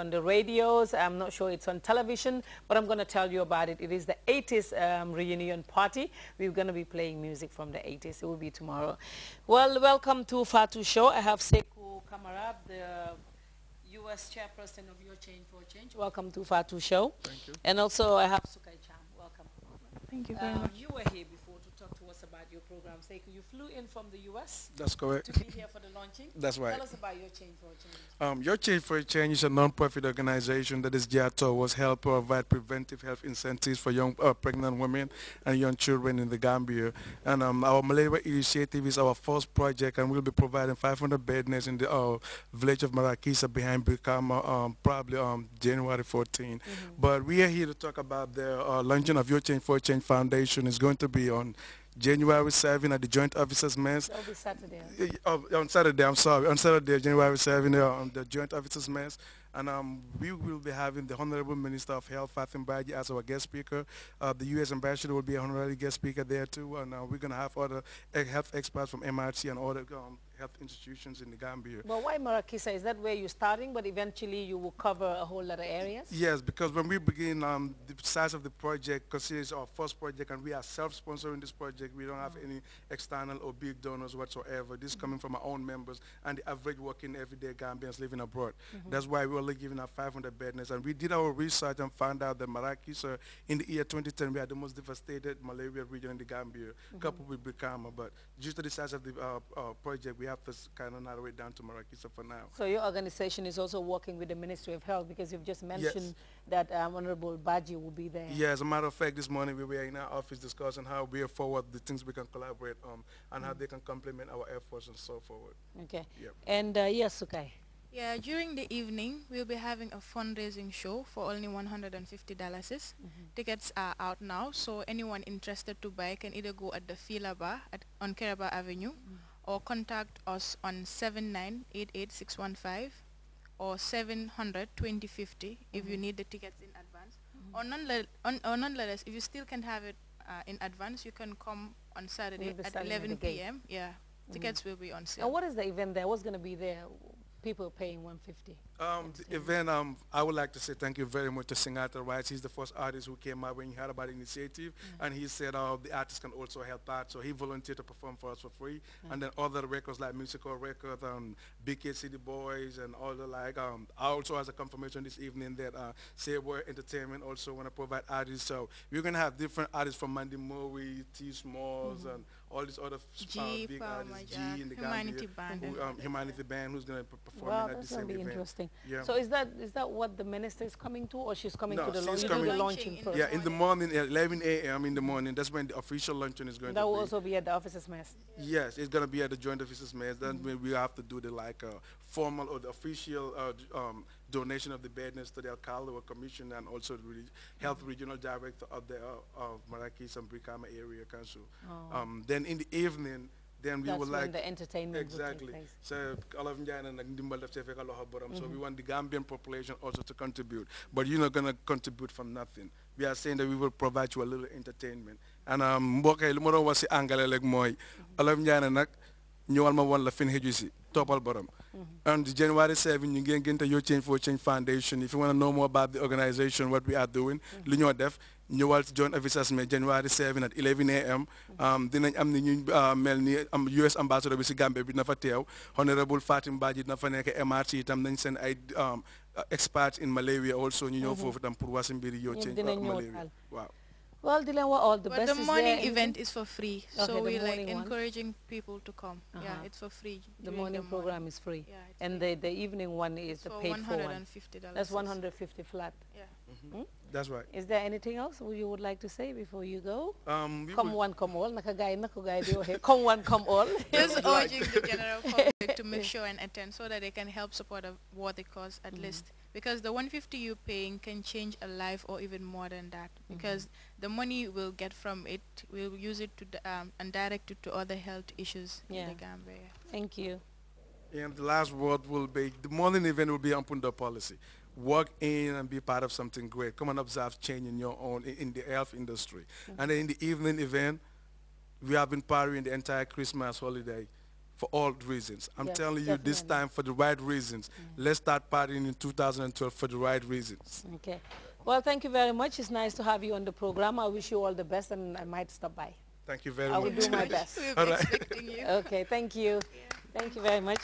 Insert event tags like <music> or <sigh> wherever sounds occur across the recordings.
on the radios. I'm not sure it's on television, but I'm going to tell you about it. It is the 80s um, reunion party. We're going to be playing music from the 80s. It will be tomorrow. Well, welcome to Fatu Show. I have Seku Kamarab, the U.S. chairperson of Your Change for Change. Welcome to Fatu Show. Thank you. And also I have Sukai Cham. Welcome. Thank you very um, much. You were here before about your program, Seiko. You flew in from the U.S. That's correct. To be here for the launching. <laughs> That's right. Tell us about Your Change for a Change. Um, your Change for a Change is a non-profit organization that is geared towards help provide preventive health incentives for young uh, pregnant women and young children in the Gambia. And um, our malaria initiative is our first project, and we'll be providing 500 bed in the uh, village of Marakisa behind Bukama, um, probably um, January 14. Mm -hmm. But we are here to talk about the uh, launching of Your Change for a Change Foundation. It's going to be on January 7 at the Joint Officers Mess. Saturday. Oh, on Saturday, I'm sorry. On Saturday, January 7 uh, on the Joint Officers Mess. And um, we will be having the Honorable Minister of Health, Fatim Baji, as our guest speaker. Uh, the U.S. Ambassador will be a honorary guest speaker there, too. And uh, we're going to have other uh, health experts from MRC and other um, health institutions in the Gambia. Well, why Marakisa? Is that where you're starting, but eventually you will cover a whole lot of areas? Yes, because when we begin, um, the size of the project, because it's our first project and we are self-sponsoring this project, we don't have any external or big donors whatsoever. This is coming from our own members and the average working everyday Gambians living abroad. Mm -hmm. That's why we only giving out 500 bedness. And we did our research and found out that Marakisa, in the year 2010, we had the most devastated malaria region in the Gambia, mm -hmm. coupled with Brikama. But due to the size of the uh, uh, project, we we have to kind of narrow it down to Marakisa for now. So your organization is also working with the Ministry of Health because you've just mentioned yes. that um, Honorable Baji will be there. Yeah, as a matter of fact, this morning we were in our office discussing how we are forward, the things we can collaborate on, and mm. how they can complement our efforts and so forward. Okay. Yep. And uh, yes, okay. Yeah, during the evening, we'll be having a fundraising show for only $150. mm -hmm. Tickets are out now, so anyone interested to buy can either go at the Fila Bar at, on Keraba Avenue mm -hmm or contact us on 7988615 or 700 2050 if you mm-hmm. need the tickets in advance mm -hmm. or, nonetheless, on, if you still can have it uh, in advance you can come on saturday we'll at 11 p.m yeah mm-hmm. tickets mm -hmm. will be on sale and what is the event there what's going to be there people paying 150 um, the event, um, I would like to say thank you very much to Singata Rights. He's the first artist who came out when he heard about the initiative, mm -hmm. and he said uh, the artists can also help out. So he volunteered to perform for us for free. Mm -hmm. And then other records like Musical Records, um, BK City Boys, and all the like. Um, also has a confirmation this evening that uh, Sabre Entertainment also want to provide artists. So we're going to have different artists from Mandy Murray, T. Smalls, mm -hmm. and all these other G, big oh artists, G in the Humanity Gambia, Band. Who, um, Humanity Band, who's going to perform well, at the same event. Yeah. So is that is that what the minister is coming to, or she's coming no, to the, she's coming the launching? In yeah, in the morning, 11 a.m. in the morning. That's when the official launching is going that to be. That will also be at the officers' mess. Yes, it's going to be at the joint officers' mess. Then mm -hmm. we have to do the like uh, formal or the official uh, um, donation of the badness to the Alcalde Commission and also the re Health Regional Director of the uh, of Marrakech and Brikama Area Council. Oh. Um, then in the evening then we That's like the entertainment exactly. So Olaf Njana and Ndimbal Boram. So we mm-hmm. want the Gambian population also to contribute, but you're not gonna contribute from nothing. We are saying that we will provide you a little entertainment. And um, mbokay lu ma doon wax si angale rek mooy mm-hmm. Olaf Njana nag ñëwal ma On mm-hmm. January 7, you can get to Your Change for Change Foundation. If you want to know more about the organization, what we are doing, mm -hmm ñëwal ci joint F. Smith January 7 at 11 a.m. Um, dinañ am ni ñu uh, mel am um, US ambassador bi ci Gambie bi na fa teew honorable Fatim Badji na fa nekk mrc itam nañ seen ay um, experts in malaria also ñu ñëw mhm. foofu itam pour waa si mbiri yoo malaria wow Well, Dylan, all the but best. the morning is event is for free, okay, so we're like encouraging one. people to come. Uh -huh. Yeah, it's for free. The morning the program morning. is free, yeah, and the, the evening one is the paid for one. That's 150 flat. Yeah. Mm -hmm. Mm -hmm that's right is there anything else you would like to say before you go um, come one come all naka gaay come one come all just urging the general <laughs> public to make sure and attend so that they can help support a worthy cause at mm -hmm. least because the 150 you're paying can change a life or even more than that mm-hmm. because mm -hmm. the money we'll get from it we'll use it to um, and direct it to other health issues yeah. in the Gambia thank you and the last word will be the morning event will be on Punda policy work in and be part of something great. Come and observe change in your own, in, the health industry. And then in the evening event, we have been partying the entire Christmas holiday for all reasons. I'm yes, telling you definitely. this time for the right reasons. Mm. Let's start partying in 2012 for the right reasons. Okay. Well, thank you very much. It's nice to have you on the program. I wish you all the best and I might stop by. Thank you very I much. I will do my <laughs> best. all right. Okay, thank you. Yeah. Thank you very much.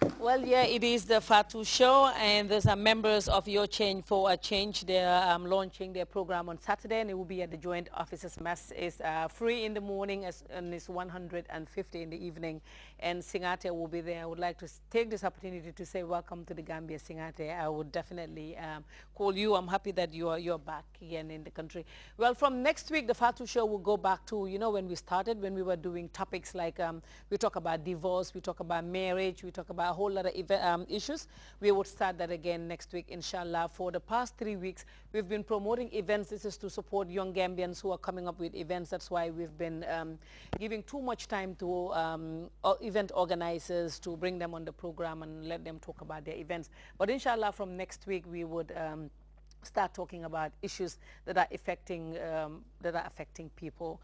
<laughs> Well, yeah, it is the Fatu show, and there's are members of Your Change for a Change. They are um, launching their program on Saturday, and it will be at the Joint Officers Mass. It's uh, free in the morning as, and it's 150 in the evening, and Singate will be there. I would like to take this opportunity to say welcome to the Gambia, Singate. I would definitely um, call you. I'm happy that you are, you're back again in the country. Well, from next week, the Fatu show will go back to, you know, when we started, when we were doing topics like um, we talk about divorce, we talk about marriage, we talk about a whole whole lot of um, issues. We would start that again next week, inshallah. For the past three weeks, we've been promoting events. This is to support young Gambians who are coming up with events. That's why we've been um, giving too much time to um, event organizers to bring them on the program and let them talk about their events. But inshallah, from next week, we would um, start talking about issues that are affecting um, that are affecting people.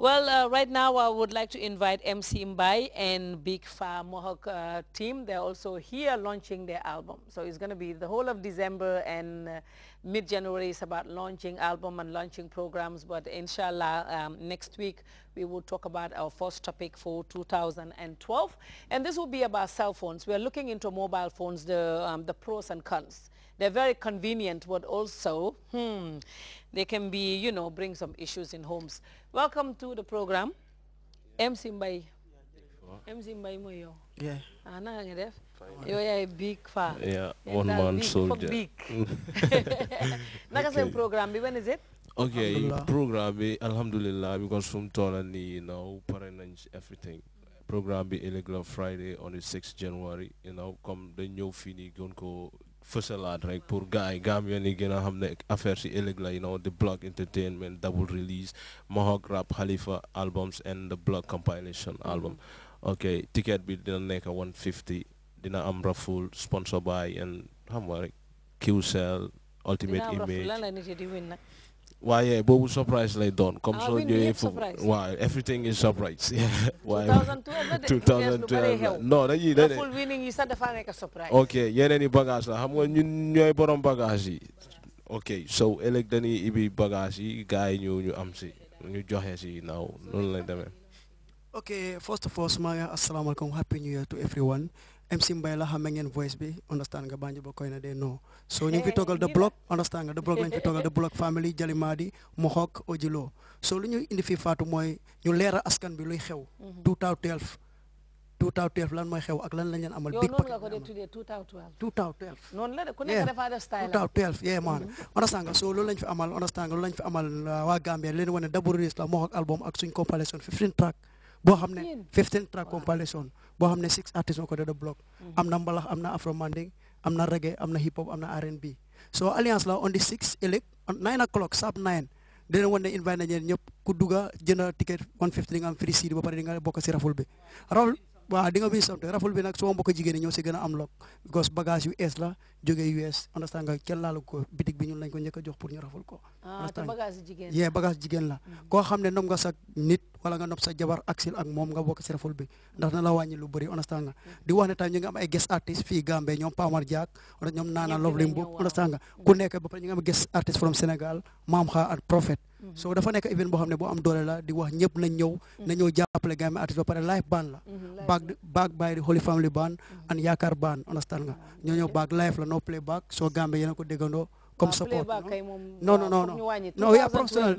Well, uh, right now I would like to invite MC Mbai and Big Far Mohawk uh, team. They're also here launching their album. So it's going to be the whole of December and uh, mid-January is about launching album and launching programs. But inshallah, um, next week we will talk about our first topic for 2012. And this will be about cell phones. We are looking into mobile phones, the, um, the pros and cons. They're very convenient, but also, hmm, they can be, you know, bring some issues in homes. Welcome to the program. MC Mbai. MC Mbai Moyo. Yeah. Ana ah, nga You are a big fan. Yeah, one man soldier. Big. <laughs> <laughs> Naka sen program when is it? Okay, program bi alhamdulillah because from Tona you know, pare everything. Program be illegal Friday on the 6th January, you know, come the ñëw fini gën fësalaat rek pour gars yi Gambien yi gën a xam ne affaire si ëllëg la you know the block entertainment double release Mohawk Rap Khalifa albums and the block compilation mm-hmm. album ok ticket bi dina nekk 150 dina am full sponsor by and xam nga rek QCell ultimate image why, yeah, but ah, we surprise like don't Come so you if why everything is surprise. <laughs> Yeah, why 2012? <laughs> No, that you full winning. You start the final like a surprise. Okay, yeah, any bagage. I'm going to you put on bagage. Okay, so elect any ibi bagage guy. You, new I'm see you, Johansi. Now, no, let them. Okay, first of all, Smaya, assalamu alaikum. Happy New Year to everyone. MC Mbaye la xamé ngeen voice bi understand nga bañu koy na de no so ñu fi togal de block understand nga de block lañ fi togal de block family Jalimadi Mohawk Ojilo so lu ñuy indi fi fatu moy ñu léra askan bi luy xew 2012 mhm. 2012 lan moy xew ak lan lañ leen amal big pack 2012 2012 noonu la ko ku nekk dafa def style 2012 yeah man mhm. understand nga so lu lañ fi amal understand nga lu lañ fi amal uh, wa Gambia leen wane d'abord Rees la xok album ak suñ compilation 15 track bo xamne 15 track compilation bo xamne 6 artistes ko doon block amna mbalax amna na afro manding amna na reggae amna na hip hop amna na R&B so alliance la on the six elect nine o'clock sub nine dina leen invite nañu ñep ku duga jënd ticket 150 nga am free CD ba pare nga bokk ci raful bi raful wa di nga bi something raful bi nak so mbokk jigen ñoo ci gëna am lok because bagage yu es la jógee US understand nga kel la ko bitik bi ñun lañ ko ñëk jox pour ñu raful ko. ah bagage jigen. Yeah, bagage jigen la. Mhm. ko xam nom nga sa nit. wala nga nopp sa jabar aksil ak moom nga bokk si reful bi ndax na la wàññi lu bëri understand nga di wax ne tam ñu ngi am guest artist fii Gambie ñoom Pamar Diak ñoom Nana nga ku nekk ba pare ñu ngi am guest artist from Sénégal Maam mhm. Xa ne boo am doole la ñëpp nañ ñëw mhm. na ñëw jàppale Gambie artist ba pare live band la mhm, baag by the Holy Family band and Yaakaar band understand nga ah, ñoo ñëw baag live la no play back soo Gambie yéena ko déggandoo comme ah, support non non non non non yaa professionnel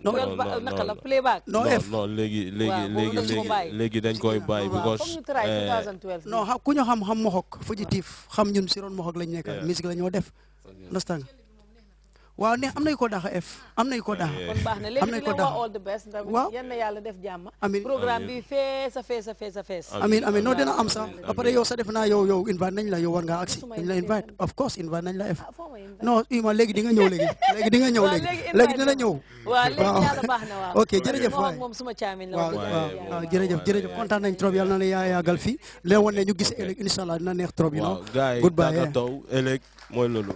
non non non léegi léegi léegi léegi dañ koy <laughs> bàyyi because eh, no ku ñu xam xam moxok fugitif xam ñun si roon moxok lañ nekk musique la ñoo def understand waaw ne am nañu ko daax am nañu ko daax eh, eh. baax na léegi ñu wax all the best waaw na yàlla def jàmm amiin programme bi fees a fees a fees a fees amiin amiin non dina am sax après yow sa def naa yow yow invite nañ la yow war ngaa agsi nañ la invite of course invite nañ la ef ah, non ima léegi di nga ñëw léegi léegi di nga ñëw léegi léegi dina ñëw waaw a yàlla baax na waaw ok jërëjëf waay moom suma caamin la waaw waaw ah, jërëjëf kontaan nañ trop yàlla na la yaa yàggal fii leen woon ne ñu gise ëllëg incha na dina neex trop you know goodbye eh. mooy loolu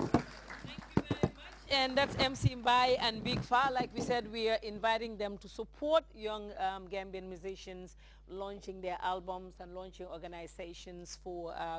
and that's MC Mbai and Big Fa. Like we said, we are inviting them to support young um, Gambian musicians launching their albums and launching organizations for uh,